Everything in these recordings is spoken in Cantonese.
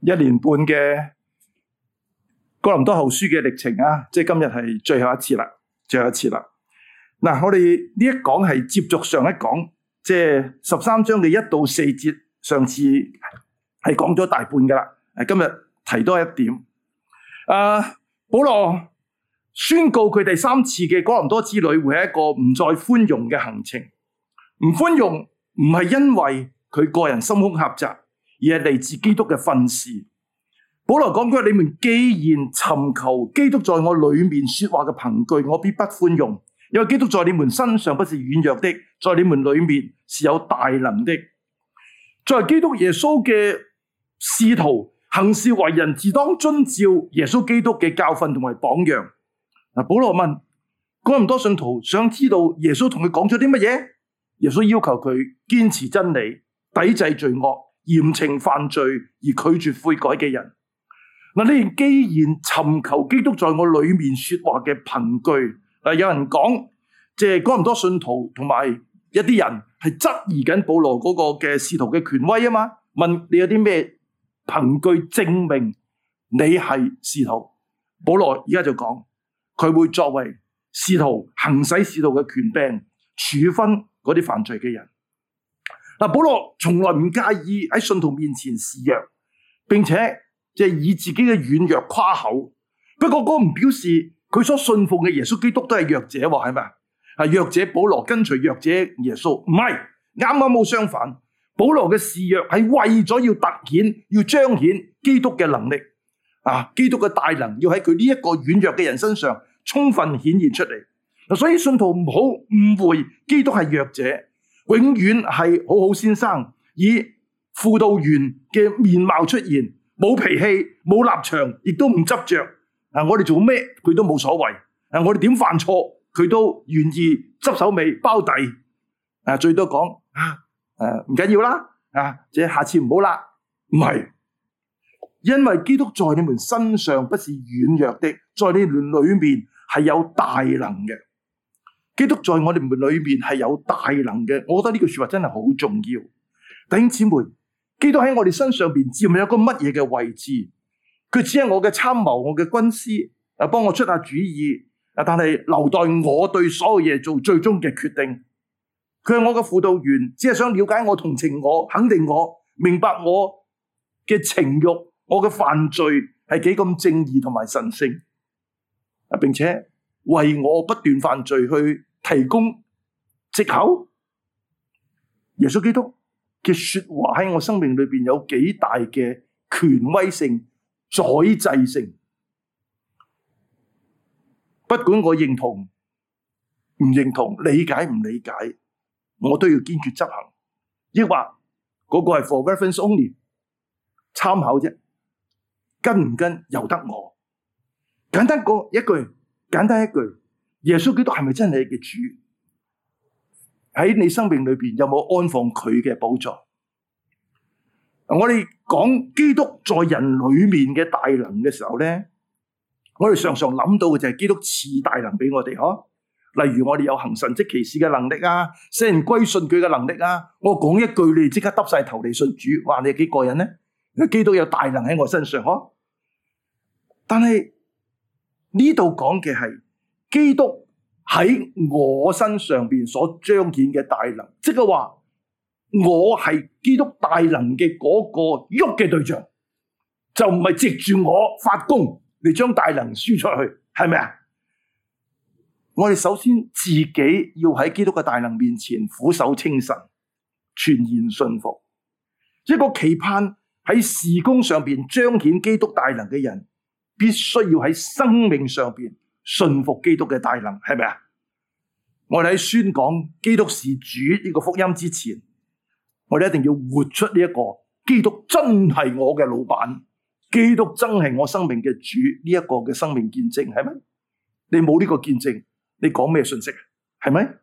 一年半嘅哥林多後書嘅歷程啊，即係今日係最後一次啦，最後一次啦。嗱、啊，我哋呢一講係接續上一講，即係十三章嘅一到四節，上次係講咗大半噶啦，今日提多一點。誒、啊，保羅宣告佢第三次嘅哥林多之旅會係一個唔再寬容嘅行程，唔寬容唔係因為佢個人心胸狹窄。而係嚟自基督嘅訓示。保羅講句：你們既然尋求基督在我裏面說話嘅憑據，我必不寬容。因為基督在你們身上不是軟弱的，在你們裏面是有大能的。作為基督耶穌嘅使徒行事為人，自當遵照耶穌基督嘅教訓同埋榜樣。嗱，保羅問：咁咁多信徒想知道耶穌同佢講咗啲乜嘢？耶穌要求佢堅持真理，抵制罪惡。嚴懲犯罪而拒絕悔改嘅人。嗱，呢既然尋求基督在我裏面說話嘅憑據，嗱，有人講，即係唔多信徒同埋一啲人係質疑緊保羅嗰個嘅使徒嘅權威啊嘛？問你有啲咩憑據證明你係使徒？保羅而家就講，佢會作為使徒、行使使徒嘅權柄，處分嗰啲犯罪嘅人。嗱，保羅從來唔介意喺信徒面前示弱，並且以自己嘅軟弱誇口。不過，嗰唔表示佢所信奉嘅耶穌基督都係弱者喎，係咪？弱者保羅跟隨弱者耶穌，唔係啱啱好相反。保羅嘅示弱係為咗要凸顯、要彰顯基督嘅能力啊！基督嘅大能要喺佢呢一個軟弱嘅人身上充分顯現出嚟。所以信徒唔好誤會基督係弱者。永遠係好好先生，以輔導員嘅面貌出現，冇脾氣，冇立場，亦都唔執著。我哋做咩佢都冇所謂。啊，我哋點犯錯佢都願意執手尾包底。最多講啊，誒唔緊要啦。啊，下次唔好啦。唔係，因為基督在你們身上不是軟弱的，在你們裏面係有大能嘅。基督在我哋門裏面係有大能嘅，我覺得呢句說話真係好重要。弟兄姊妹，基督喺我哋身上邊佔有一個乜嘢嘅位置？佢只係我嘅參謀、我嘅軍師，啊，幫我出下主意，啊，但係留待我對所有嘢做最終嘅決定。佢係我嘅輔導員，只係想了解我、同情我、肯定我、明白我嘅情欲，我嘅犯罪係幾咁正義同埋神聖啊，並且為我不斷犯罪去提供藉口，耶穌基督嘅說話喺我生命裏邊有幾大嘅權威性、宰制性？不管我認同唔認同、理解唔理解，我都要堅決執行。抑或嗰個係 for reference only，參考啫，跟唔跟由得我。簡單過一句，簡單一句。耶穌基督係咪真係你嘅主？喺你生命裏邊有冇安放佢嘅寶藏？我哋講基督在人裏面嘅大能嘅時候咧，我哋常常諗到嘅就係基督賜大能俾我哋嗬、啊。例如我哋有行神蹟奇事嘅能力啊，使人歸順佢嘅能力啊。我講一句，你即刻耷晒頭嚟信主。哇！你幾過癮呢？基督有大能喺我身上嗬、啊。但係呢度講嘅係。基督喺我身上邊所彰顯嘅大能，即係話我係基督大能嘅嗰個喐嘅對象，就唔係藉住我發功嚟將大能輸出去，係咪啊？我哋首先自己要喺基督嘅大能面前俯首稱臣，全然信服。一個期盼喺事工上邊彰顯基督大能嘅人，必須要喺生命上邊。信服基督嘅大能係咪啊？我哋喺宣講基督是主呢個福音之前，我哋一定要活出呢一個基督真係我嘅老闆，基督真係我生命嘅主呢一個嘅生命見證係咪？你冇呢個見證，你講咩信息啊？係咪？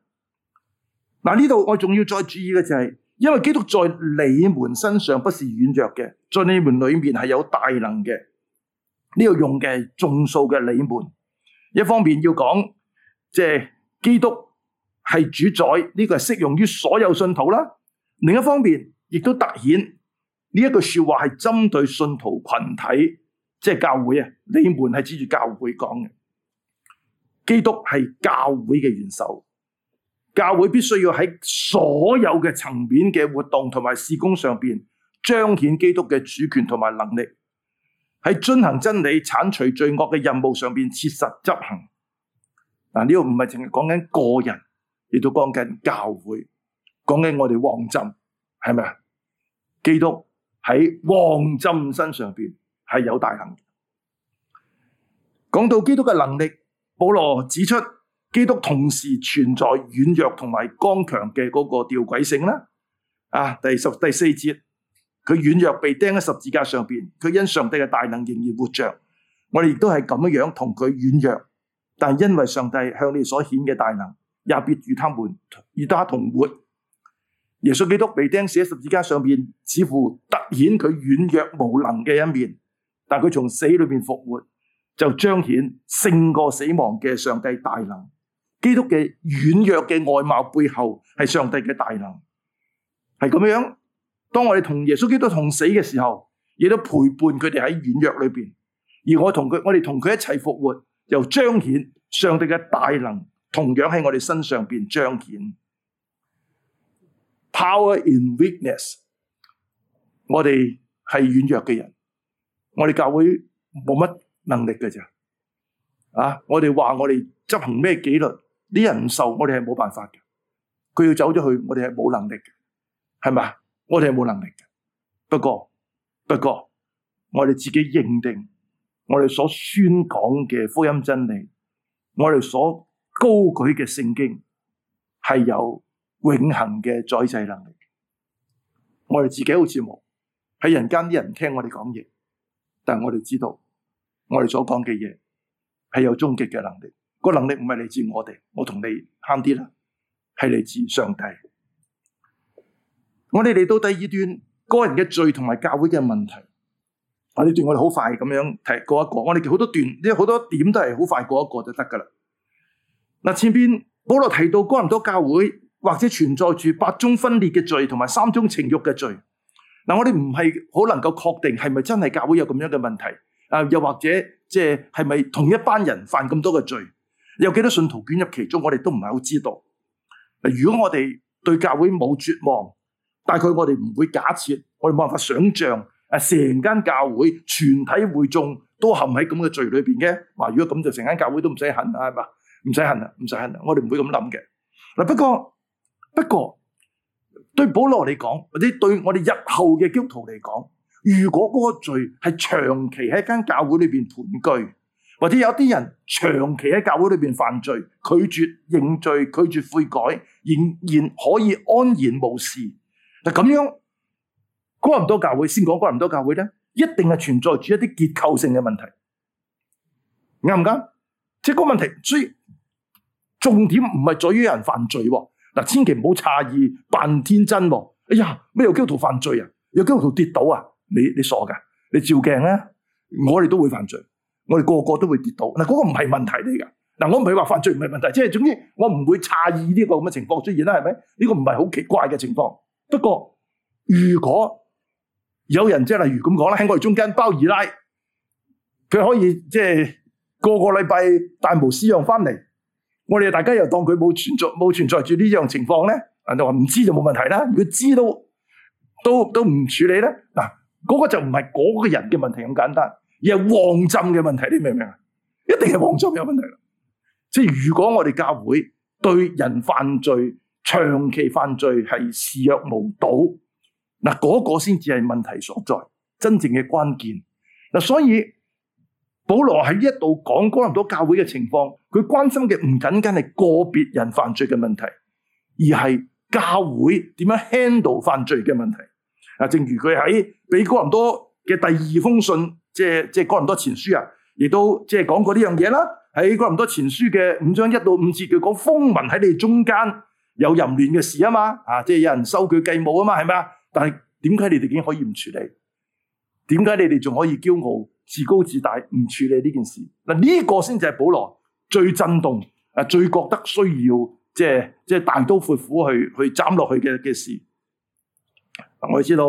嗱，呢度我仲要再注意嘅就係，因為基督在你們身上不是軟弱嘅，在你們裏面係有大能嘅，呢度用嘅係眾數嘅你們。一方面要講，即係基督係主宰，呢、這個係適用於所有信徒啦。另一方面，亦都凸顯呢一句說話係針對信徒群體，即係教會啊。你們係指住教會講嘅，基督係教會嘅元首，教會必須要喺所有嘅層面嘅活動同埋事工上邊彰顯基督嘅主權同埋能力。喺遵行真理、鏟除罪惡嘅任務上邊切實執行。嗱，呢個唔係淨係講緊個人，亦都講緊教會，講緊我哋旺浸，係咪啊？基督喺旺浸身上邊係有大能嘅。講到基督嘅能力，保羅指出基督同時存在軟弱同埋剛強嘅嗰個吊詭性啦。啊，第十第四節。佢軟弱被釘喺十字架上邊，佢因上帝嘅大能仍然活着。我哋亦都係咁樣同佢軟弱，但因為上帝向你所顯嘅大能，也必與他們與他同活。耶穌基督被釘死喺十字架上邊，似乎突顯佢軟弱無能嘅一面，但佢從死裏邊復活，就彰顯勝過死亡嘅上帝大能。基督嘅軟弱嘅外貌背後係上帝嘅大能，係咁樣。當我哋同耶穌基督同死嘅時候，亦都陪伴佢哋喺軟弱裏邊，而我同佢，我哋同佢一齊復活，又彰顯上帝嘅大能，同樣喺我哋身上邊彰顯。Power in weakness，我哋係軟弱嘅人，我哋教會冇乜能力嘅咋？啊，我哋話我哋執行咩紀律，啲人唔受，我哋係冇辦法嘅。佢要走咗去，我哋係冇能力嘅，係咪？我哋係冇能力嘅，不過不過我哋自己認定，我哋所宣講嘅福音真理，我哋所高舉嘅聖經係有永恆嘅宰制能力。我哋自己好似冇，喺人間啲人聽我哋講嘢，但係我哋知道我哋所講嘅嘢係有終極嘅能力。個能力唔係嚟自我哋，我同你慳啲啦，係嚟自上帝。我哋嚟到第二段，個人嘅罪同埋教會嘅問題。啊，呢段我哋好快咁樣提過一過。我哋好多段，即係好多點都係好快過一過就得噶啦。嗱，前邊保羅提到，哥林多教會或者存在住八宗分裂嘅罪，同埋三宗情欲嘅罪。嗱，我哋唔係好能夠確定係咪真係教會有咁樣嘅問題？啊，又或者即係係咪同一班人犯咁多嘅罪？有幾多信徒捲入其中，我哋都唔係好知道。嗱，如果我哋對教會冇絕望。大概，我哋唔會假設，我哋冇辦法想象，啊，成間教會全體會眾都陷喺咁嘅罪裏邊嘅話，如果咁就成間教會都唔使恨啊，係嘛？唔使恨啊，唔使恨啊！我哋唔會咁諗嘅。嗱，不過不過，對保羅嚟講，或者對我哋日後嘅基督徒嚟講，如果嗰個罪係長期喺間教會裏邊盤踞，或者有啲人長期喺教會裏邊犯罪，拒絕認罪，拒絕悔改，仍然可以安然無事。嗱，咁樣關唔多教會，先講關唔多教會咧，一定係存在住一啲結構性嘅問題，啱唔啱？即係個問題，所以重點唔係在於有人犯罪喎。嗱，千祈唔好詫異扮天真喎。哎呀，咩叫基督徒犯罪啊？有基督徒跌倒啊？你你傻噶？你照鏡啦！我哋都會犯罪，我哋個個都會跌倒。嗱，嗰個唔係問題嚟噶。嗱，我唔係話犯罪唔係問題，即係總之我唔會詫異呢個咁嘅情況出現啦，係咪？呢個唔係好奇怪嘅情況。不過如果有人即係例如咁講啦，喺我哋中間包二奶，佢可以即係個個禮拜大模斯樣翻嚟，我哋大家又當佢冇存在冇存在住呢樣情況咧？人哋話唔知就冇問題啦，如果知道都都唔處理咧，嗱、那、嗰個就唔係嗰個人嘅問題咁簡單，而係旺浸嘅問題，你明唔明啊？一定係旺浸有問題啦。即係如果我哋教會對人犯罪。長期犯罪係視若無睹，嗱、那、嗰個先至係問題所在，真正嘅關鍵。嗱，所以保羅喺呢一度講哥林多教會嘅情況，佢關心嘅唔僅僅係個別人犯罪嘅問題，而係教會點樣 handle 犯罪嘅問題。嗱，正如佢喺俾哥林多嘅第二封信，即係即係哥林多前書啊，亦都即係講過呢樣嘢啦。喺哥林多前書嘅五章一到五節，佢講風聞喺你哋中間。有淫亂嘅事啊嘛，啊，即係有人收佢繼母啊嘛，係咪啊？但係點解你哋已經可以唔處理？點解你哋仲可以驕傲自高自大唔處理呢件事？嗱、啊，呢、這個先至係保羅最震動啊，最覺得需要即係即係大刀闊斧去去斬落去嘅嘅事。我哋知道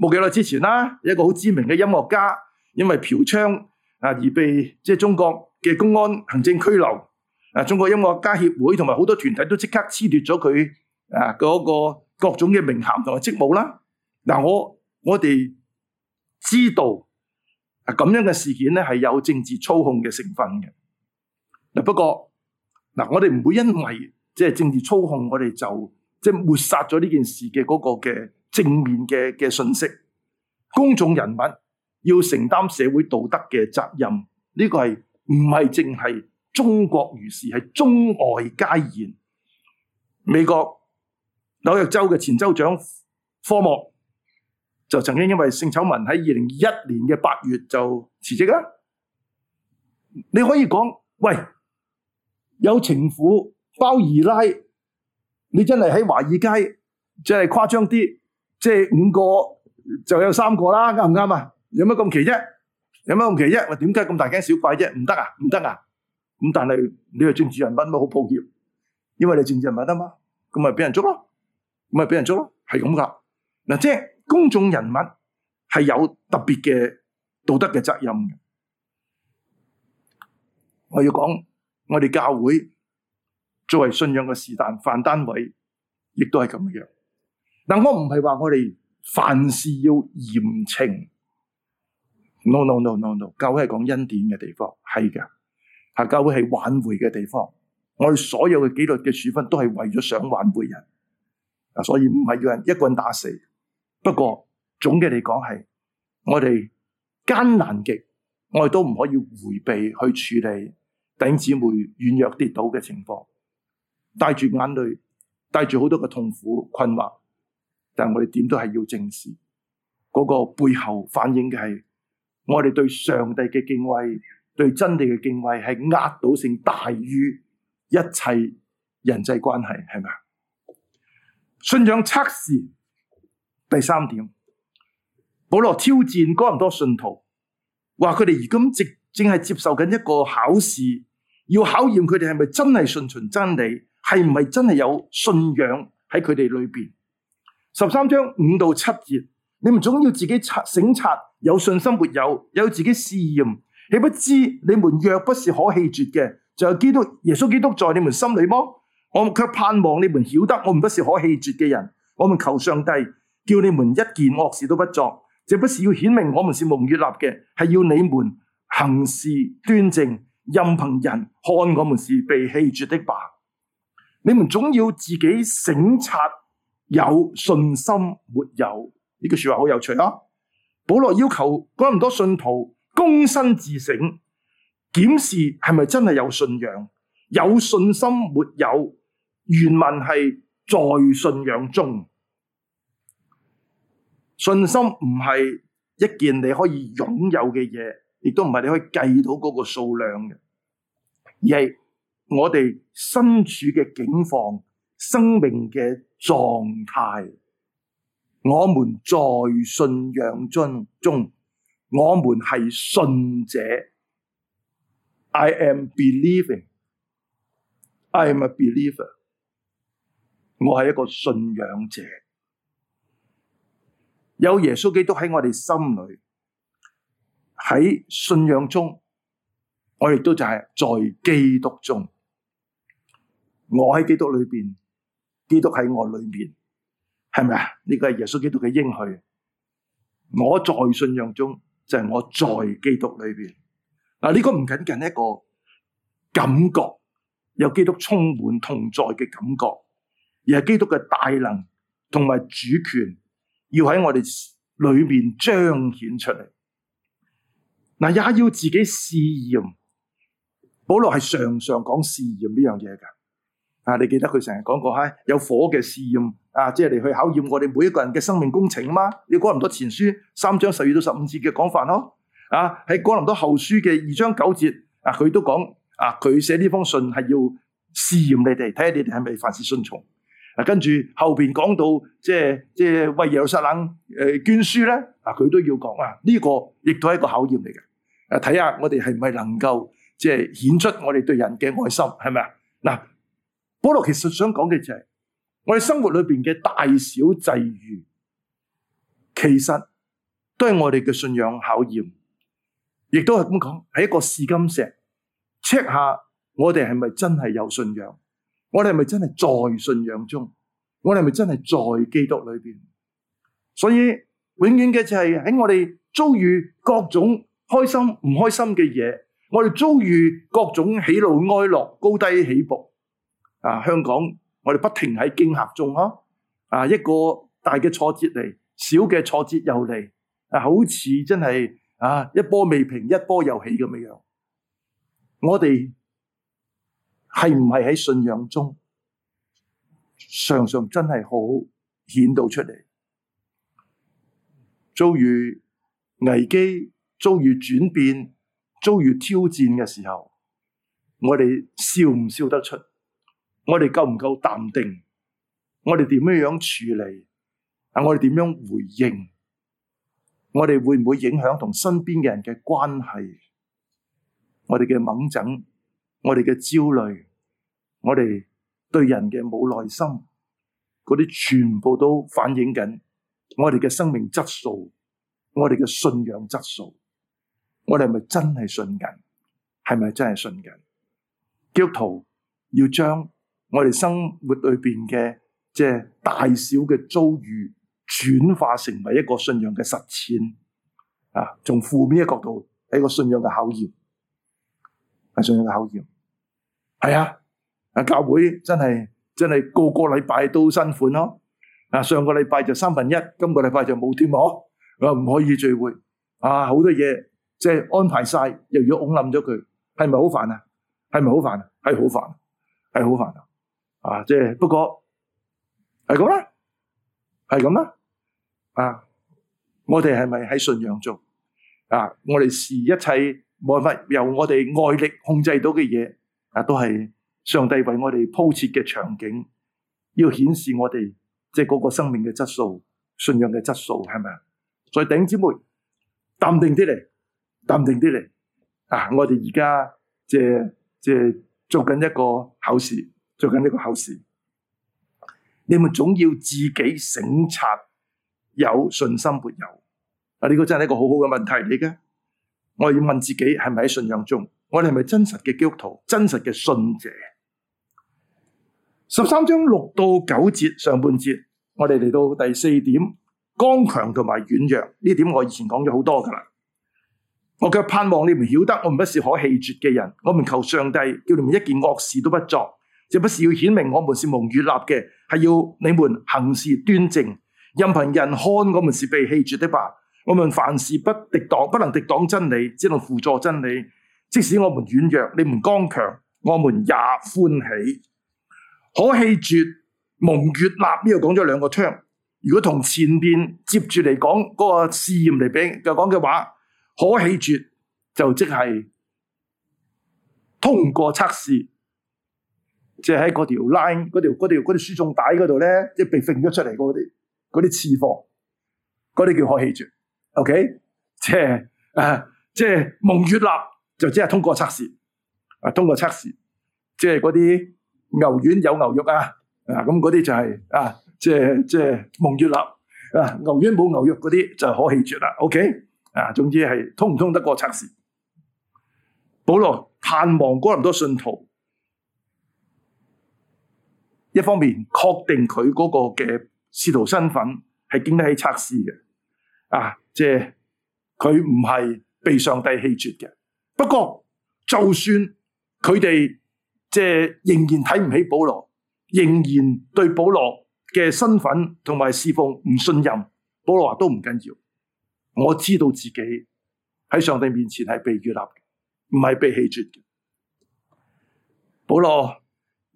冇幾耐之前啦，一個好知名嘅音樂家因為嫖娼啊而被即係中國嘅公安行政拘留。啊！中國音樂家協會同埋好多團體都即刻褫奪咗佢啊嗰個各種嘅名銜同埋職務啦。嗱，我我哋知道啊咁樣嘅事件咧係有政治操控嘅成分嘅。嗱，不過嗱，我哋唔會因為即係政治操控，我哋就即係抹殺咗呢件事嘅嗰嘅正面嘅嘅信息。公眾人物要承擔社會道德嘅責任，呢、呢個係唔係淨係？中國如是，係中外皆然。美國紐約州嘅前州長科莫就曾經因為性醜聞喺二零二一年嘅八月就辭職啦。你可以講，喂，有情婦包二奶，你真係喺華爾街，即係誇張啲，即係五個就有三個啦，啱唔啱啊？有乜咁奇啫？有乜咁奇啫？喂，點解咁大驚小怪啫？唔得啊！唔得啊！咁但係你係政治人物都好抱歉，因為你政治人物啊嘛，咁咪俾人捉咯，咁咪俾人捉咯，係咁噶。嗱，即係公眾人物係有特別嘅道德嘅責任。我要講我哋教會作為信仰嘅是但飯單位，亦都係咁樣。但我唔係話我哋凡事要嚴懲。No no no no no，教會係講恩典嘅地方，係嘅。教會係挽回嘅地方，我哋所有嘅紀律嘅處分都係為咗想挽回人，嗱，所以唔係要人一個人打死。不過總嘅嚟講係我哋艱難極，我哋都唔可以迴避去處理弟兄姊妹軟弱跌倒嘅情況，帶住眼淚，帶住好多嘅痛苦困惑，但係我哋點都係要正視嗰個背後反映嘅係我哋對上帝嘅敬畏。對真理嘅敬畏係壓倒性大於一切人際關係，係咪？信仰測試第三點，保羅挑戰哥林多信徒，話佢哋而家正正係接受緊一個考試，要考驗佢哋係咪真係順從真理，係唔係真係有信仰喺佢哋裏邊。十三章五到七節，你唔總要自己察省察，有信心沒有，有自己試驗。豈不知你們若不是可棄絕嘅，就有基督耶穌基督在你們心裏麼？我們却盼望你們曉得，我們不是可棄絕嘅人。我們求上帝叫你們一件惡事都不作，這不是要顯明我們是蒙悅納嘅，係要你們行事端正，任憑人看我們是被棄絕的吧？你們總要自己省察有信心沒有？呢句說話好有趣啊！保羅要求咁多信徒。躬身自省，檢視係咪真係有信仰、有信心沒有？原文係在信仰中，信心唔係一件你可以擁有嘅嘢，亦都唔係你可以計到嗰個數量嘅，而係我哋身處嘅境況、生命嘅狀態。我們在信仰中，中。我們係信者，I am believing，I am a believer。我係一個信仰者，有耶穌基督喺我哋心裏，喺信仰中，我亦都就係在基督中。我喺基督裏邊，基督喺我裏面，係咪啊？呢個係耶穌基督嘅應許。我在信仰中。就係我在基督裏邊，嗱、這、呢個唔僅僅一個感覺，有基督充滿同在嘅感覺，而係基督嘅大能同埋主權要喺我哋裏面彰顯出嚟。嗱，也要自己試驗。保羅係常常講試驗呢樣嘢嘅。啊！你記得佢成日講過，有火嘅試驗啊，即係嚟去考驗我哋每一個人嘅生命工程啊嘛！你哥林多前書三章十二到十五節嘅講法咯，啊喺哥林多後書嘅二章九節啊，佢都講啊，佢寫呢封信係要試驗你哋，睇下你哋係咪凡事順從啊。跟住後邊講到即係為耶路撒冷捐書呢，啊佢都要講啊，呢、這個亦都係一個考驗嚟嘅。誒睇下我哋係咪能夠即係顯出我哋對人嘅愛心，係咪啊？保羅其實想講嘅就係，我哋生活裏邊嘅大小際遇，其實都係我哋嘅信仰考驗，亦都係咁講，係一個試金石，check 下我哋係咪真係有信仰，我哋係咪真係在信仰中，我哋係咪真係在基督裏邊？所以永遠嘅就係喺我哋遭遇各種開心唔開心嘅嘢，我哋遭遇各種喜怒哀樂高低起伏。啊！香港，我哋不停喺驚嚇中咯，啊一個大嘅挫折嚟，小嘅挫折又嚟，啊好似真係啊一波未平一波又起咁樣樣。我哋係唔係喺信仰中，常常真係好顯到出嚟，遭遇危機、遭遇轉變、遭遇挑戰嘅時候，我哋笑唔笑得出？我哋夠唔夠淡定？我哋點樣樣處理？啊，我哋點樣回應？我哋會唔會影響同身邊嘅人嘅關係？我哋嘅猛整，我哋嘅焦慮，我哋對人嘅冇耐心，嗰啲全部都反映緊我哋嘅生命質素，我哋嘅信仰質素，我哋係咪真係信緊？係咪真係信緊？基督徒要將我哋生活裏邊嘅即係大小嘅遭遇，轉化成為一個信仰嘅實踐啊！從負面嘅角度，係個信仰嘅考驗，係信仰嘅考驗。係啊！啊教會真係真係個個禮拜都新款咯。啊上個禮拜就三分一，今個禮拜就冇添啊！啊唔可以聚會啊！好多嘢即係安排晒，又如果拱冧咗佢，係咪好煩啊？係咪好煩啊？係好煩，係好煩啊！啊！即係不過係咁啦，係咁啦，啊！我哋係咪喺信仰做啊？我哋視一切冇辦法由我哋外力控制到嘅嘢，啊，都係上帝為我哋鋪設嘅場景，要顯示我哋即係嗰個生命嘅質素、信仰嘅質素，係咪啊？所以頂姐妹，淡定啲嚟，淡定啲嚟啊！我哋而家即係即係做緊一個考試。最近呢個考試，你們總要自己省察，有信心沒有？啊，呢個真係一個好好嘅問題嚟嘅。我要問自己，係咪喺信仰中？我哋係咪真實嘅基督徒？真實嘅信者？十三章六到九節上半節，我哋嚟到第四點，剛強同埋軟弱。呢點我以前講咗好多㗎喇。我嘅盼望你唔曉得，我唔係一可棄絕嘅人，我唔求上帝叫你們一件惡事都不作。這不是要顯明我們是蒙悦立嘅，係要你們行事端正，任憑人看我們是被棄絕的吧？我們凡事不敵擋，不能敵擋真理，只能輔助真理。即使我們軟弱，你們剛強，我們也歡喜。可棄絕蒙悦立呢？度講咗兩個 c 如果同前面接住嚟講嗰個試驗嚟比，就講嘅話，可棄絕就即係通過測試。即係喺嗰條 line 嗰條嗰條輸送帶嗰度咧，即係被揈咗出嚟嗰啲啲次貨，嗰啲叫可棄絕。O、okay? K，即係誒、啊，即係蒙悅納就只係通過測試，啊通過測試，即係嗰啲牛丸有牛肉啊，啊咁嗰啲就係、是、啊，即係即係蒙悅納啊，牛丸冇牛肉嗰啲就可棄絕啦。O、okay? K，啊總之係通唔通得過測試。保羅盼望哥林多信徒。一方面確定佢嗰個嘅使徒身份係經得起測試嘅，啊，即係佢唔係被上帝棄絕嘅。不過就算佢哋即係仍然睇唔起保羅，仍然對保羅嘅身份同埋侍奉唔信任，保羅話都唔緊要。我知道自己喺上帝面前係被接納嘅，唔係被棄絕嘅，保羅。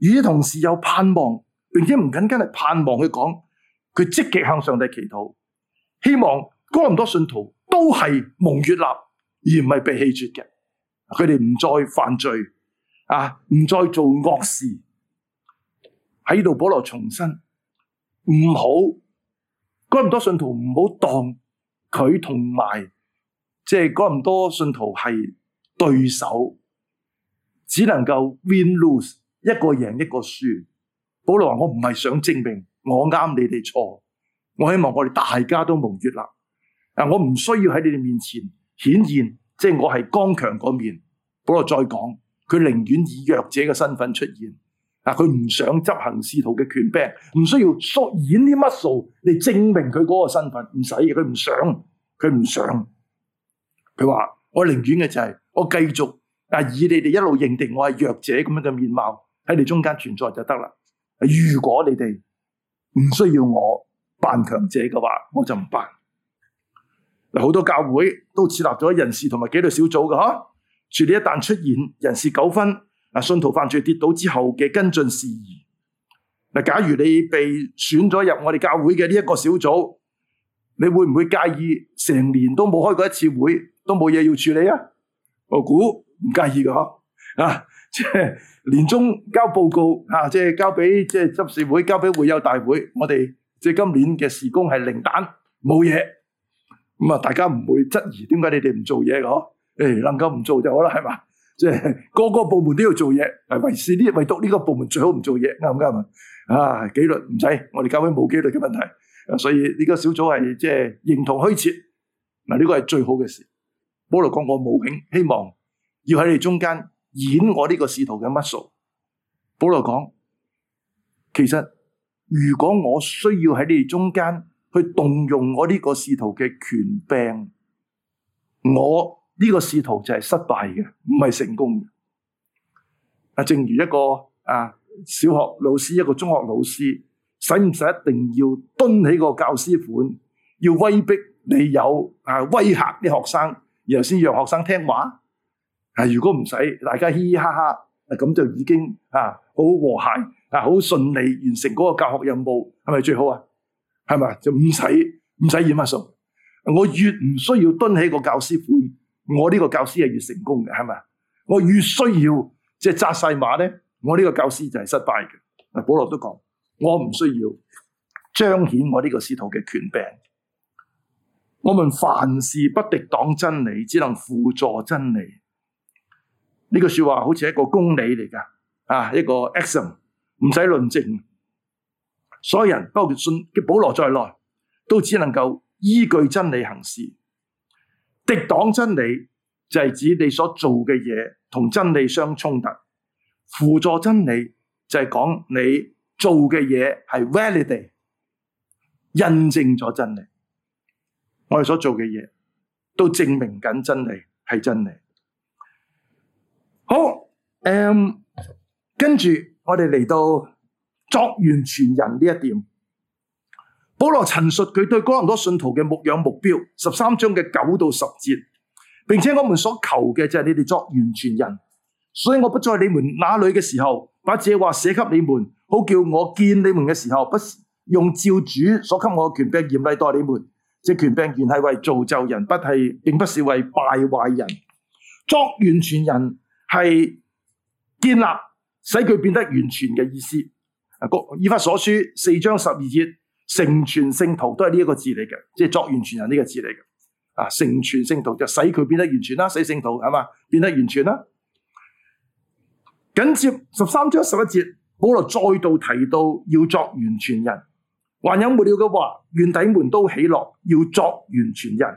與此同時，又盼望，並且唔僅僅係盼望佢講，佢積極向上帝祈禱，希望哥林多信徒都係蒙悅納，而唔係被棄絕嘅。佢哋唔再犯罪，啊，唔再做惡事。喺度，保羅重申，唔好哥林多信徒唔好當佢同埋，即係哥林多信徒係對手，只能夠 win lose。一個贏一個輸，保羅話：我唔係想證明我啱你哋錯，我希望我哋大家都蒙悅納。啊，我唔需要喺你哋面前顯現，即係我係剛強嗰面。保羅再講，佢寧願以弱者嘅身份出現。啊，佢唔想執行使徒嘅權柄，唔需要縮演啲 muscle 嚟證明佢嗰個身份，唔使，佢唔想，佢唔想。佢話：我寧願嘅就係我繼續，但以你哋一路認定我係弱者咁樣嘅面貌。喺你中間存在就得啦。如果你哋唔需要我扮強者嘅話，我就唔扮。嗱，好多教會都設立咗人事同埋紀律小組㗎，吓、啊，處理一旦出現人事糾紛、嗱，信徒犯罪跌倒之後嘅跟進事宜。嗱，假如你被選咗入我哋教會嘅呢一個小組，你會唔會介意成年都冇開過一次會，都冇嘢要處理啊？我估唔介意㗎，吓，啊，即係。年終交報告吓、啊，即係交俾即係執事會，交俾會友大會。我哋即係今年嘅事工係零蛋冇嘢，咁啊大家唔會質疑點解你哋唔做嘢嘅嗬？誒、啊，能夠唔做就好啦，係嘛？即係個個部門都要做嘢，唯是呢唯獨呢個部門最好唔做嘢，啱唔啱啊？啊，紀律唔使，我哋教會冇紀律嘅問題，所以呢個小組係即係形同虛設。嗱、啊，呢個係最好嘅事。保羅講我冇興，希望要喺你中間。演我呢個使徒嘅 muscle，保羅講，其實如果我需要喺你哋中間去動用我呢個使徒嘅權柄，我呢個使徒就係失敗嘅，唔係成功嘅。啊，正如一個啊小學老師，一個中學老師，使唔使一定要蹲起個教師款，要威逼你有啊威嚇啲學生，然後先讓學生聽話？啊！如果唔使大家嘻嘻哈哈，咁就已經啊好和諧啊好順利完成嗰個教學任務，係咪最好啊？係咪？就唔使唔使演啊數。我越唔需要蹲喺個教師本，我呢個教師係越成功嘅，係咪？我越需要即係紮晒馬咧，我呢個教師就係失敗嘅。保羅都講，我唔需要彰顯我呢個使徒嘅權柄。我們凡事不敵擋真理，只能輔助真理。呢句說話好似一個公理嚟噶，啊一個 axiom，唔使論證。所有人包括信嘅保羅在內，都只能夠依據真理行事。敵擋真理就係指你所做嘅嘢同真理相衝突；輔助真理就係講你做嘅嘢係 validate，印證咗真理。我哋所做嘅嘢都證明緊真理係真理。好，嗯、跟住我哋嚟到作完全人呢一點，保羅陳述佢對哥林多信徒嘅牧養目標，十三章嘅九到十節，並且我們所求嘅就係你哋作完全人，所以我不在你們那裏嘅時候，把這話寫給你們，好叫我見你們嘅時候，不用照主所給我嘅權柄嚴厲待你們，這權柄原係為造就人，不係並不是為敗壞人，作完全人。係建立，使佢變得完全嘅意思。啊，以弗所書四章十二節，成全聖徒都係呢一個字嚟嘅，即係作完全人呢個字嚟嘅。啊，成全聖徒就使佢變得完全啦，使聖徒係嘛變得完全啦。緊接十三章十一節，保羅再度提到要作完全人，還有末了嘅話，願底門都喜樂，要作完全人。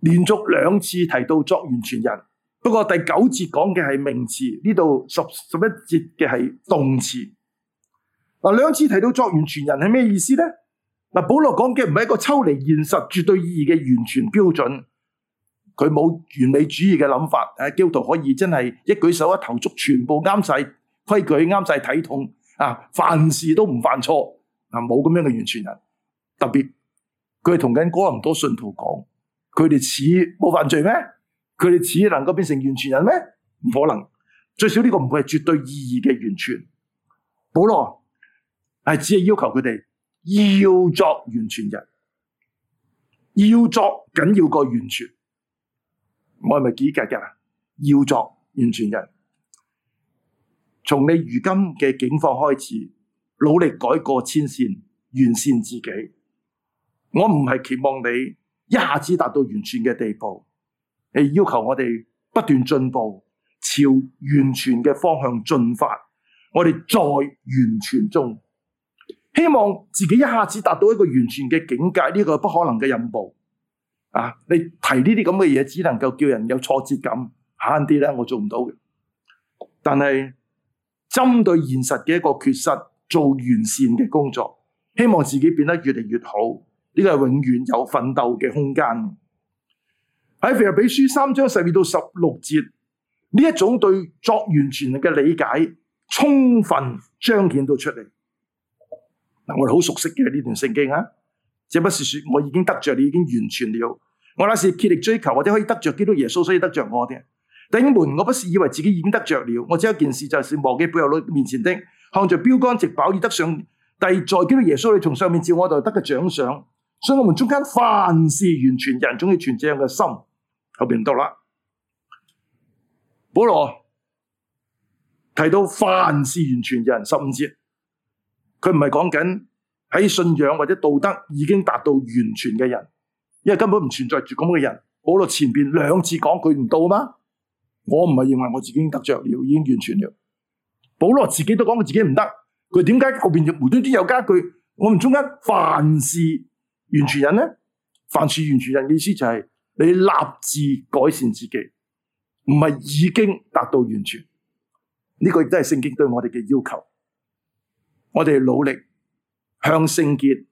連續兩次提到作完全人。不過第九節講嘅係名詞，呢度十十一節嘅係動詞。嗱，兩次提到作完全人係咩意思咧？嗱，保羅講嘅唔係一個抽離現實、絕對意義嘅完全標準，佢冇完美主義嘅諗法。誒，基督徒可以真係一舉手一投足全部啱晒規矩，啱晒體統啊，凡事都唔犯錯啊，冇咁樣嘅完全人。特別佢係同緊哥林多信徒講，佢哋似冇犯罪咩？佢哋只能夠變成完全人咩？唔可能，最少呢個唔會係絕對意義嘅完全。保羅係只係要求佢哋要作完全人，要作緊要個完全。我係咪幾格嘅啫？要作完全人，從你如今嘅境況開始，努力改過遷善，完善自己。我唔係期望你一下子達到完全嘅地步。係要求我哋不斷進步，朝完全嘅方向進發。我哋在完全中，希望自己一下子達到一個完全嘅境界，呢個係不可能嘅任務。啊，你提呢啲咁嘅嘢，只能夠叫人有挫折感。慳啲咧，我做唔到嘅。但係針對現實嘅一個缺失，做完善嘅工作，希望自己變得越嚟越好。呢個係永遠有奮鬥嘅空間。喺腓立比書三章十二到十六節，呢一種對作完全嘅理解，充分彰顯到出嚟。我哋好熟悉嘅呢段聖經啊！這不是說我已經得着了，你已經完全了。我那時竭力追求，或者可以得着基督耶穌，所以得着我嘅弟兄們，我不是以為自己已經得着了，我只有一件事，就是忘記背後，面前的，向着標杆直跑，以得上帝在基督耶穌裏從上面召我就得嘅獎賞。所以，我們中間凡是完全人，總要存這樣嘅心。後邊唔得啦。保羅提到凡事完全人十五節，佢唔係講緊喺信仰或者道德已經達到完全嘅人，因為根本唔存在住咁嘅人。保羅前邊兩次講佢唔到嘛，我唔係認為我自己已經得着了，已經完全了。保羅自己都講佢自己唔得，佢點解後邊無端端有加一句？我哋中間凡事完全人呢？凡事完全人嘅意思就係、是。你立志改善自己，唔係已經達到完全。呢、這個亦都係聖經對我哋嘅要求。我哋努力向聖潔、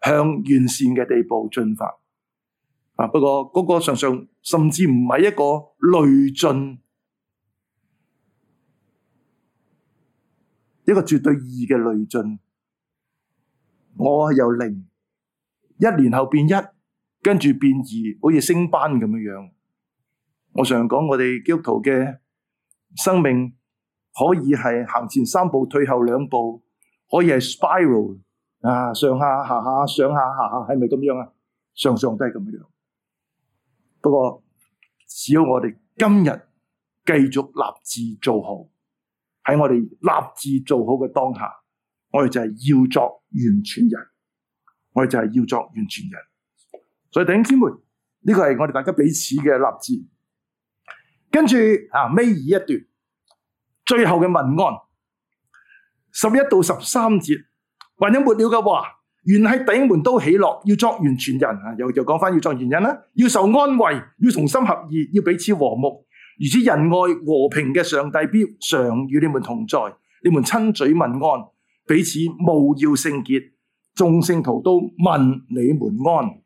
向完善嘅地步進發。啊，不過嗰個上上甚至唔係一個累進，一個絕對意義嘅累進。我係由零一年後變一。跟住變異，好似升班咁樣樣。我常講，我哋基督徒嘅生命可以係行前三步，退後兩步，可以係 spiral 啊，上下下下，上下下下，係咪咁樣啊？上上都係咁樣。不過，只要我哋今日繼續立志做好，喺我哋立志做好嘅當下，我哋就係要作完全人。我哋就係要作完全人。所以弟兄姊妹，呢個係我哋大家彼此嘅立志。跟住啊，尾二一，一段，最後嘅問安，十一到十三節，還有末了嘅話，願弟兄們都喜樂，要作完全人，啊，又又講翻要作完全人啦，要受安慰，要同心合意，要彼此和睦，如此仁愛和平嘅上帝必常與你們同在。你們親嘴問安，彼此務要聖潔，眾聖徒都問你們安。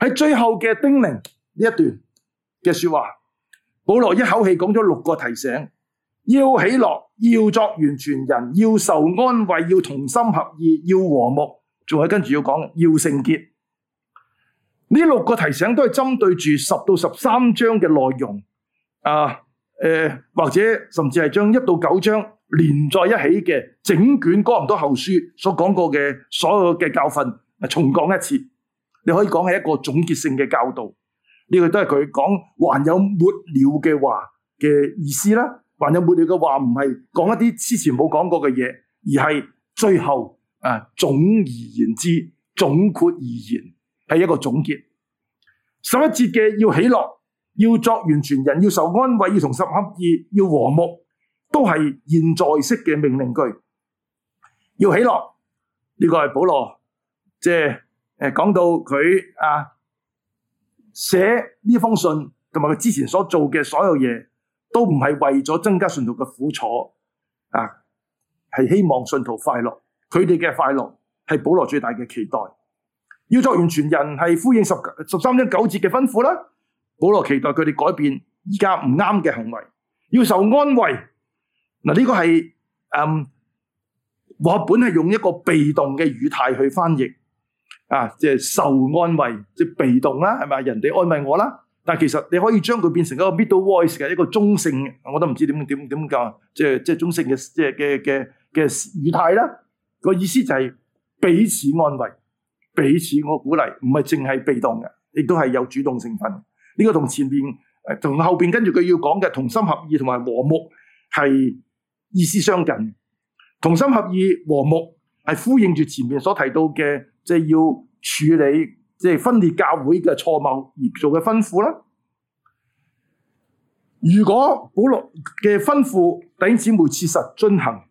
喺最後嘅叮嚀呢一段嘅說話，保羅一口氣講咗六個提醒：要喜樂，要作完全人，要受安慰，要同心合意，要和睦，仲係跟住要講要聖潔。呢六個提醒都係針對住十到十三章嘅內容啊，誒、呃，或者甚至係將一到九章連在一起嘅整卷哥林多後書所講過嘅所有嘅教訓，重講一次。你可以講係一個總結性嘅教導，呢個都係佢講還有末了嘅話嘅意思啦。還有末了嘅話唔係講一啲之前冇講過嘅嘢，而係最後啊，總而言之，總括而言係一個總結。十一節嘅要喜樂，要作完全人，要受安慰，要同心合意，要和睦，都係現在式嘅命令句。要喜樂，呢個係保羅，即係。誒，講到佢啊，寫呢封信同埋佢之前所做嘅所有嘢，都唔係為咗增加信徒嘅苦楚啊，係希望信徒快樂。佢哋嘅快樂係保羅最大嘅期待。要作完全人，係呼應十三十三章九節嘅吩咐啦。保羅期待佢哋改變而家唔啱嘅行為，要受安慰。嗱、這個，呢個係嗯，我本係用一個被動嘅語態去翻譯。啊，即係受安慰，即係被動啦，係咪？人哋安慰我啦，但係其實你可以將佢變成一個 middle voice 嘅一個中性，我都唔知點點點講，即係即係中性嘅即係嘅嘅嘅語態啦。個意思就係彼此安慰，彼此我鼓勵，唔係淨係被動嘅，亦都係有主動成分。呢個同前面、誒同後邊跟住佢要講嘅同心合意同埋和睦係意思相近。同心合意和睦係呼應住前面所提到嘅。即係要處理即係分裂教會嘅錯謬而做嘅吩咐啦。如果保羅嘅吩咐弟兄姊妹切實遵行，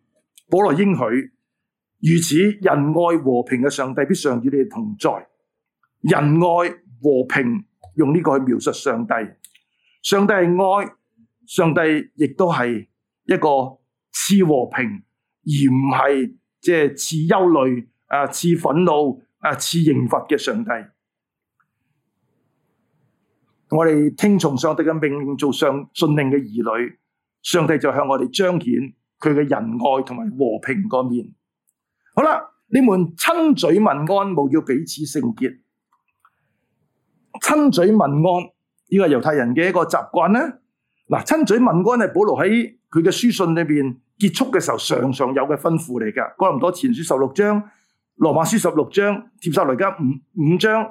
保羅應許如此，仁愛和平嘅上帝必常與你哋同在。仁愛和平用呢個去描述上帝，上帝係愛，上帝亦都係一個賜和平，而唔係即係賜憂慮。啊，賜憤怒、啊賜刑罰嘅上帝，我哋聽從上帝嘅命令，做上順命嘅兒女，上帝就向我哋彰顯佢嘅仁愛同埋和平個面。好啦，你們親嘴問安，務要彼此聖潔。親嘴問安呢個猶太人嘅一個習慣呢嗱，親嘴問安係保羅喺佢嘅書信裏邊結束嘅時候常常有嘅吩咐嚟噶，哥林多前書十六章。羅馬書十六章帖撒羅尼迦五五章，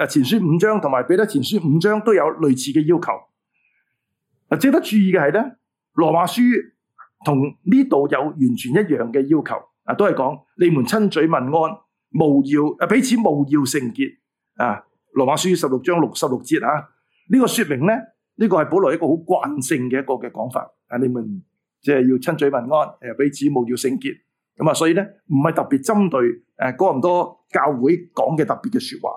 誒前書五章同埋彼得前書五章都有類似嘅要求。啊，值得注意嘅係咧，羅馬書同呢度有完全一樣嘅要求，啊都係講，你們親嘴問安，務要啊彼此務要聖潔。啊，羅馬書十六章六十六節啊，呢、這個說明咧，呢、這個係保羅一個好慣性嘅一個嘅講法。啊，你們即係要親嘴問安，誒彼此務要聖潔。咁啊，所以咧唔係特別針對誒哥林多教會講嘅特別嘅說話。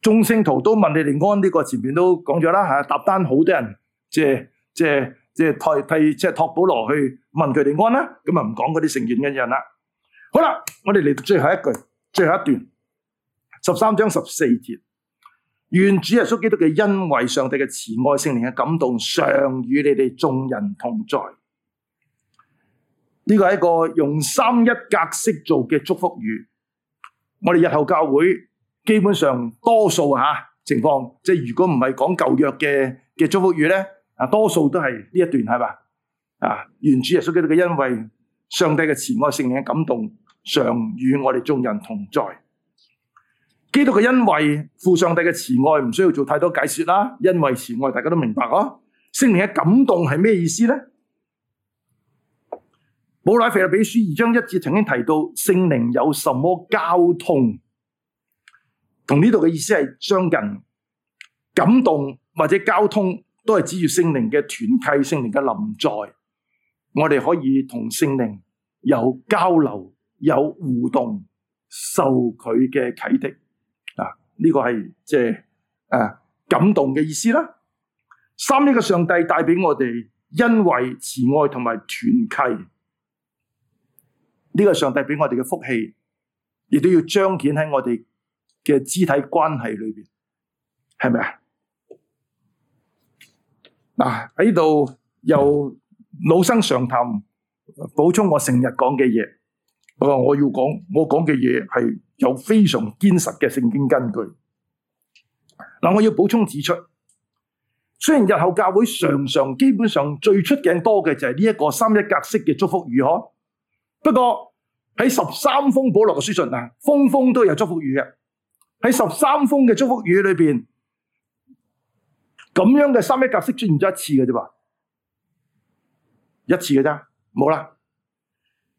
眾聖徒都問你哋安，呢個前邊都講咗啦吓，搭單好多人即係即係即係替替即係託保羅去問佢哋安啦，咁啊唔講嗰啲成員嘅人啦。好啦，我哋嚟到最後一句，最後一段，十三章十四節，願主耶穌基督嘅恩惠、上帝嘅慈愛、聖靈嘅感動，常與你哋眾人同在。呢個係一個用三一格式做嘅祝福語，我哋日後教會基本上多數情況，即是如果唔係講舊約嘅祝福語呢，多數都係呢一段係嘛，啊，願主耶穌基督嘅恩惠，上帝嘅慈愛，聖靈嘅感動，常與我哋眾人同在。基督嘅恩惠，父上帝嘅慈愛，唔需要做太多解說啦，因為慈愛大家都明白哦。聖靈嘅感動係咩意思呢？冇乃，腓立比書二章一節曾經提到聖靈有什麼交通，同呢度嘅意思係相近。感動或者交通都係指住聖靈嘅團契、聖靈嘅臨在，我哋可以同聖靈有交流、有互動，受佢嘅啟迪。啊，呢、這個係即係誒感動嘅意思啦。三一嘅上帝帶俾我哋，恩惠、慈愛同埋團契。呢個上帝俾我哋嘅福氣，亦都要彰顯喺我哋嘅肢體關係裏邊，係咪啊？嗱喺度又老生常談，補充我成日講嘅嘢。不過我要講，我講嘅嘢係有非常堅實嘅聖經根據。嗱、啊，我要補充指出，雖然日後教會常常基本上最出鏡多嘅就係呢一個三一格式嘅祝福語呵。不過喺十三封保羅嘅書信嗱，封封都有祝福語嘅。喺十三封嘅祝福語裏邊，咁樣嘅三一格式出現咗一次嘅啫吧，一次嘅啫，冇啦。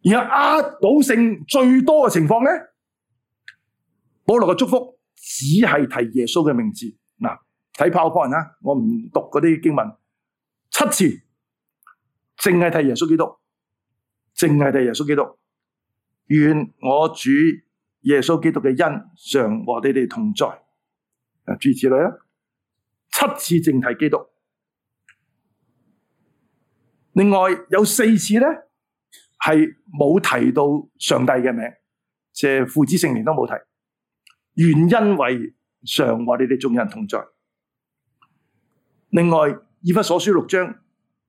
然後阿壓倒性最多嘅情況咧，保羅嘅祝福只係提耶穌嘅名字嗱，睇 PowerPoint 啦，我唔讀嗰啲經文，七次淨係提耶穌基督。淨係提耶穌基督，願我主耶穌基督嘅恩常和你哋同在。諸如此類啊，七次淨提基督。另外有四次咧，係冇提到上帝嘅名，即係父子聖名都冇提。原因為常和你哋眾人同在。另外，以弗所書六章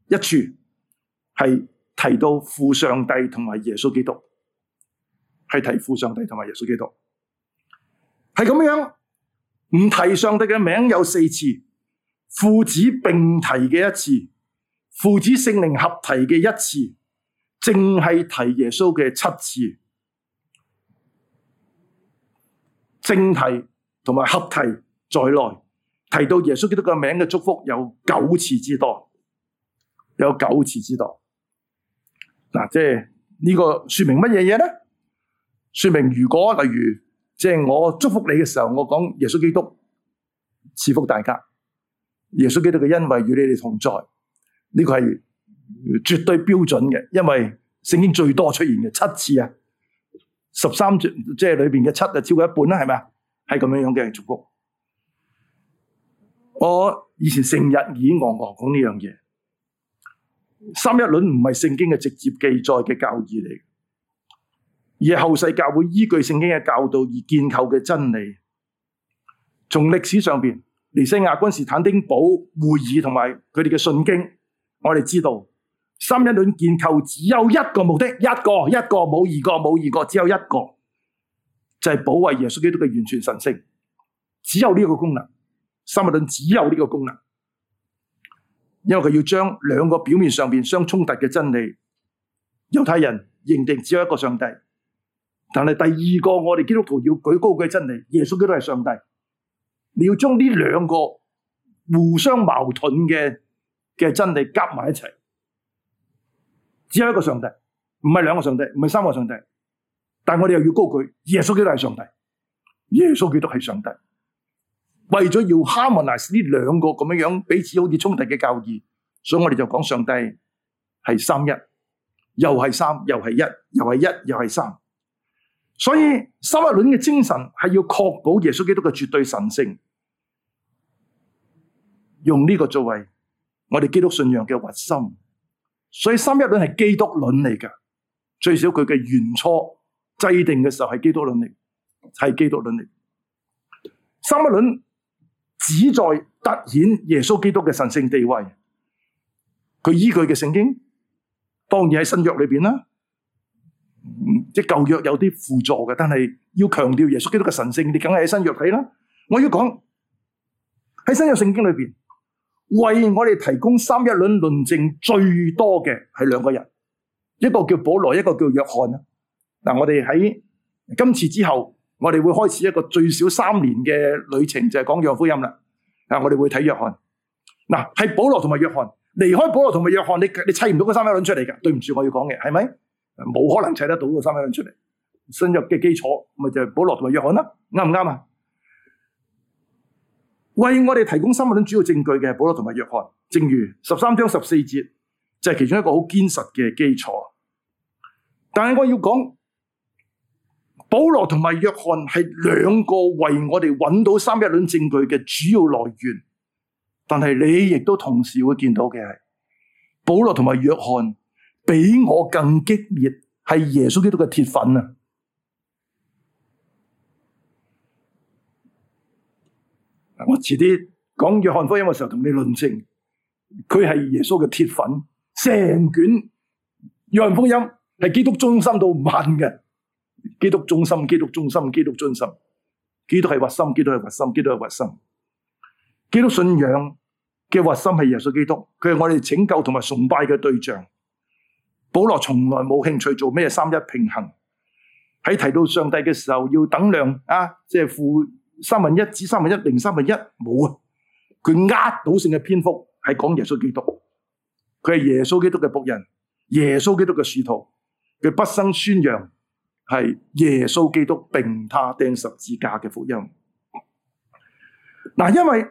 一處係。提到父上帝同埋耶穌基督，係提父上帝同埋耶穌基督，係咁樣。唔提上帝嘅名有四次，父子並提嘅一次，父子聖靈合提嘅一次，淨係提耶穌嘅七次，正提同埋合提在內，提到耶穌基督嘅名嘅祝福有九次之多，有九次之多。嗱，即係呢個說明乜嘢嘢咧？說明如果例如，即係我祝福你嘅時候，我講耶穌基督賜福大家，耶穌基督嘅恩惠與你哋同在，呢、這個係絕對標準嘅，因為聖經最多出現嘅七次啊，十三即係裏邊嘅七就超過一半啦，係咪啊？係咁樣樣嘅祝福。我以前成日耳耳旁旁講呢樣嘢。三一論唔係聖經嘅直接記載嘅教義嚟，而係後世教會依據聖經嘅教導而建構嘅真理，從歷史上邊尼西亞、君士坦丁堡會議同埋佢哋嘅信經，我哋知道三一論建構只有一個目的，一個一個冇二個冇二個,個，只有一個就係、是、保衛耶穌基督嘅完全神性，只有呢一個功能，三一論只有呢個功能。因為佢要將兩個表面上邊相衝突嘅真理，猶太人認定只有一個上帝，但係第二個我哋基督徒要舉高嘅真理，耶穌基督係上帝。你要將呢兩個互相矛盾嘅嘅真理夾埋一齊，只有一個上帝，唔係兩個上帝，唔係三個上帝。但係我哋又要高舉耶穌基督係上帝，耶穌基督係上帝。為咗要 harmonise 呢兩個咁樣樣彼此好似衝突嘅教義，所以我哋就講上帝係三一，又係三，又係一，又係一，又係三。所以三一論嘅精神係要確保耶穌基督嘅絕對神性，用呢個作為我哋基督信仰嘅核心。所以三一論係基督論嚟㗎，最少佢嘅原初制定嘅時候係基督論嚟，係基督論嚟。三一論。旨在突顯耶穌基督嘅神聖地位，佢依據嘅聖經，當然喺新約裏邊啦。即、嗯、舊約有啲輔助嘅，但係要強調耶穌基督嘅神聖，你梗係喺新約睇啦。我要講喺新約聖經裏邊，為我哋提供三一論論論證最多嘅係兩個人，一個叫保羅，一個叫約翰啦。嗱，我哋喺今次之後。我哋會開始一個最少三年嘅旅程，就係、是、講約福音啦。啊，我哋會睇約翰。嗱、啊，係保羅同埋約翰，離開保羅同埋約翰，你你砌唔到個三一論出嚟嘅。對唔住，我要講嘅係咪冇、啊、可能砌得到個三一論出嚟。新約嘅基礎咪就係保羅同埋約翰啦。啱唔啱啊？為我哋提供三一論主要證據嘅保羅同埋約翰，正如十三章十四節，就係、是、其中一個好堅實嘅基礎。但係我要講。保羅同埋約翰係兩個為我哋搵到三一論證據嘅主要來源，但係你亦都同時會見到嘅係保羅同埋約翰比我更激烈，係耶穌基督嘅鐵粉啊！我遲啲講約翰福音嘅時候同你論證，佢係耶穌嘅鐵粉，成卷約翰福音係基督中心到唔問嘅。基督中心，基督中心，基督中心，基督係核心，基督係核心，基督係核心。基督信仰嘅核心係耶穌基督，佢係我哋拯救同埋崇拜嘅對象。保羅從來冇興趣做咩三一平衡。喺提到上帝嘅時候，要等量啊，即係父三分一子三分一靈三分一，冇啊。佢壓倒性嘅篇幅係講耶穌基督，佢係耶穌基督嘅僕人，耶穌基督嘅使徒，佢不生宣揚。係耶穌基督並他釘十字架嘅福音。因為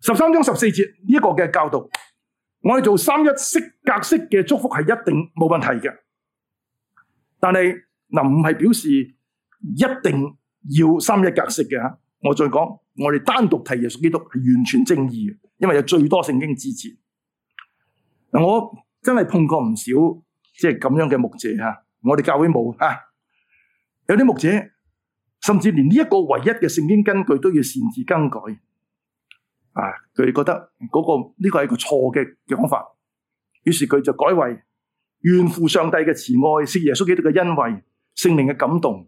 十三章十四節呢一個嘅教導，我哋做三一式格式嘅祝福係一定冇問題嘅。但係嗱唔係表示一定要三一格式嘅。我再講，我哋單獨提耶穌基督係完全正義嘅，因為有最多聖經支持。我真係碰過唔少即係咁樣嘅牧者，我哋教會冇吓。有啲牧者，甚至連呢一個唯一嘅聖經根據都要擅自更改。啊，佢哋覺得、嗰個呢、呢個係個錯嘅嘅講法，於是佢就改為願父上帝嘅慈愛，是耶穌基督嘅恩惠、聖靈嘅感動，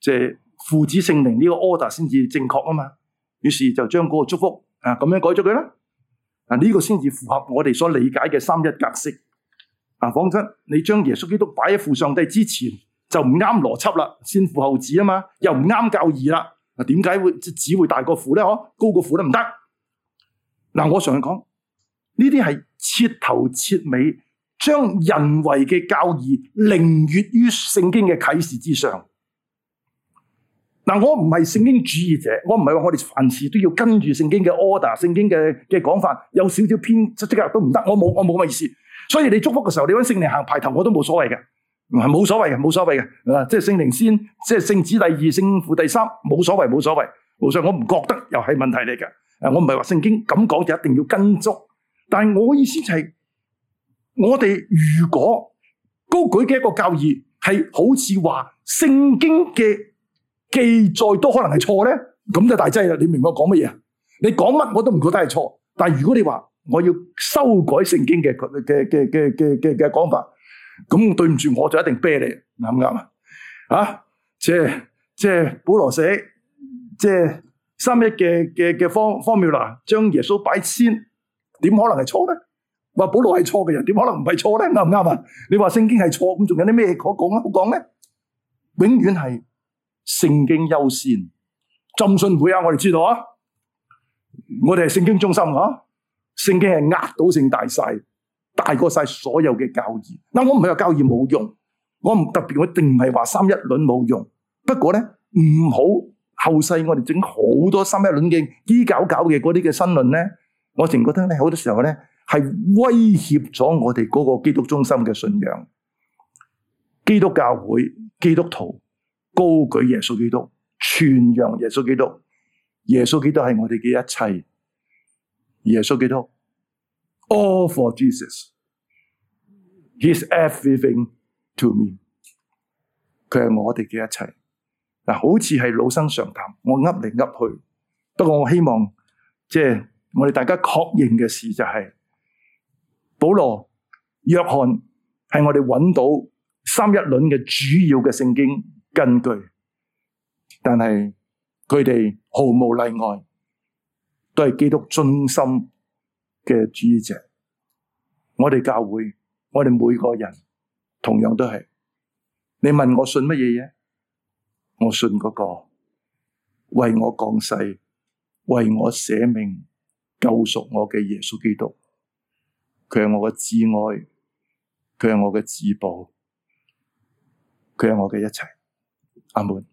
即、就、係、是、父子聖靈呢個 order 先至正確啊嘛。於是就將嗰個祝福啊咁樣改咗佢啦。啊，呢、啊這個先至符合我哋所理解嘅三一格式。啊，否則你將耶穌基督擺喺父上帝之前。就唔啱邏輯啦，先父後子啊嘛，又唔啱教義啦。嗱，點解會只子會大過父咧？嗬，高過父都唔得。嗱、啊，我常講呢啲係徹頭徹尾將人為嘅教義凌越於聖經嘅啟示之上。嗱、啊，我唔係聖經主義者，我唔係話我哋凡事都要跟住聖經嘅 order，聖經嘅嘅講法，有少少偏即刻都唔得。我冇我冇咁嘅意思。所以你祝福嘅時候，你揾聖靈行排頭，我都冇所謂嘅。係冇所謂嘅，冇所謂嘅，即係聖靈先，即係聖子第二，聖父第三，冇所謂，冇所謂。冇所我唔覺得又係問題嚟嘅。我唔係話聖經咁講就一定要跟足，但係我的意思就係，是，我哋如果高舉嘅一個教義係好似話聖經嘅記載都可能係錯咧，咁就大劑啦。你明白我講乜嘢？你講乜我都唔覺得係錯。但如果你話我要修改聖經嘅嘅嘅嘅嘅嘅嘅講法。咁對唔住，我就一定啤你，啱唔啱啊？啊，即係即係保羅死，即係三一嘅嘅嘅方方妙啦，將耶穌擺先，點可能係錯咧？話保羅係錯嘅人，點可能唔係錯咧？啱唔啱啊？你話聖經係錯，咁仲有啲咩可講啊？好講咩？永遠係聖經優先，浸信會啊，我哋知道啊，我哋係聖經中心啊，聖經係壓倒性大晒。大過晒所有嘅教義，那我唔係話教義冇用，我唔特別，我定唔係話三一論冇用。不過咧，唔好後世我哋整好多三一論嘅依搞搞嘅嗰啲嘅新論咧，我淨覺得咧好多時候咧係威脅咗我哋嗰個基督中心嘅信仰。基督教會基督徒高舉耶穌基督，傳揚耶穌基督，耶穌基督係我哋嘅一切。耶穌基督，All for Jesus。He's everything to me。佢係我哋嘅一切。嗱，好似係老生常談，我噏嚟噏去。不過我希望，即係我哋大家確認嘅事就係，保羅、約翰係我哋搵到三一論嘅主要嘅聖經根據。但係佢哋毫無例外，都係基督中心嘅主義者。我哋教會。我哋每個人同樣都係，你問我信乜嘢嘢？我信嗰個為我降世、為我捨命、救贖我嘅耶穌基督。佢係我嘅至愛，佢係我嘅至寶，佢係我嘅一切。阿門。